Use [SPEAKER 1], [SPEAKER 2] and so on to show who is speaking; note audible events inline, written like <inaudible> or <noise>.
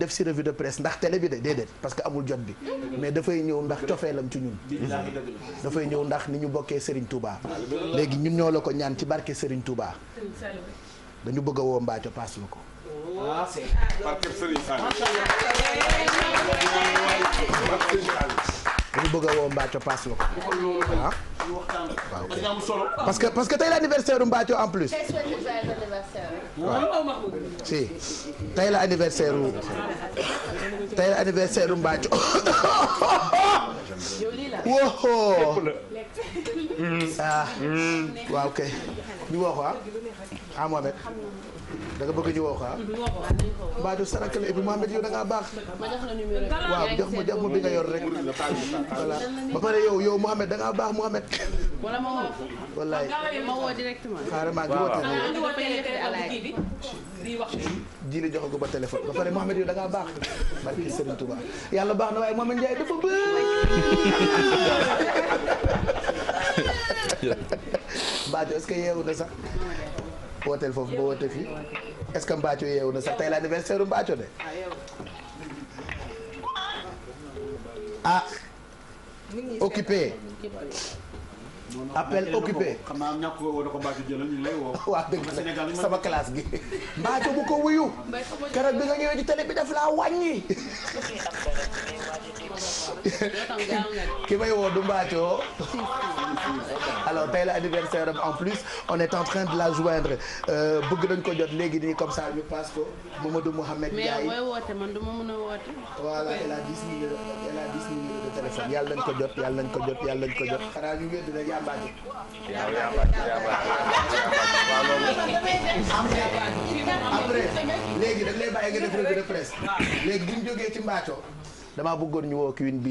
[SPEAKER 1] def si revue de presse ndax tele bi de déedéet parce que amul jot bi mais dafay ñëw ndax cofeelam ci ñun dafay ñëw ndax ni ñu bokkee Serigne Touba léegi ñun ñoo la ko ñaan ci barke Serigne Touba dañu bëgg a woo Mbathio paas la ko a woo Mbathio paas la ko parce que parce que tey la anniversaire Mbathio en plus. waaw si tey la anniversaire tey la <laughs> Mm. Ah. Mm. waaw kay ñu woo ko ah. ah Mohamed da bëgg ñu woo ko ah. Badou Sarak la et Mohamed yow da baax. waaw jox ma jox ma bi nga yor rek. voilà ba pare yow yow Mohamed da ngaa baax Mohamed. wala ma woo. wallaay ma directement. xaaral maa ko ba téléphone ba pare Mouhamed yow dangaa ngaa baax. barke Serigne Touba yàlla baax na waaye Mouhamed Ndiaye dafa bëri. Mbathio est-ce que yeewu na sax. wooteel foofu ba woote fii. est que Mbathio yeewu na sax tey la anniversaire u de. ah. ah. occupé. appel occupé xam naa ñàkk ko woo da sama classe gi. Mbacso bu ko wuyu. keroog bi nga ñëwee ci télé bi daf laa wàññi. ki may woo du Mbacso. tey la anniversaire am en plus on est en train de la joindre euh, bëgg dañ ko jot léegi nii comme ça ñu passe ko Mamadou Mohamed Ndiaye. mais booy woote a woote. voilà elle a dix mille téléphone yàlla nañ ko jot yàlla nañ ko jot yàlla nañ ko jot xanaa ñu wedd rek yaa mbàcc yaa yaa mbàcc yaa mbàcc après léegi dañ lay bàyyi nga def revue de presse léegi jógee ci mbàccoo damaa bëggoon ñu woo kiwin bii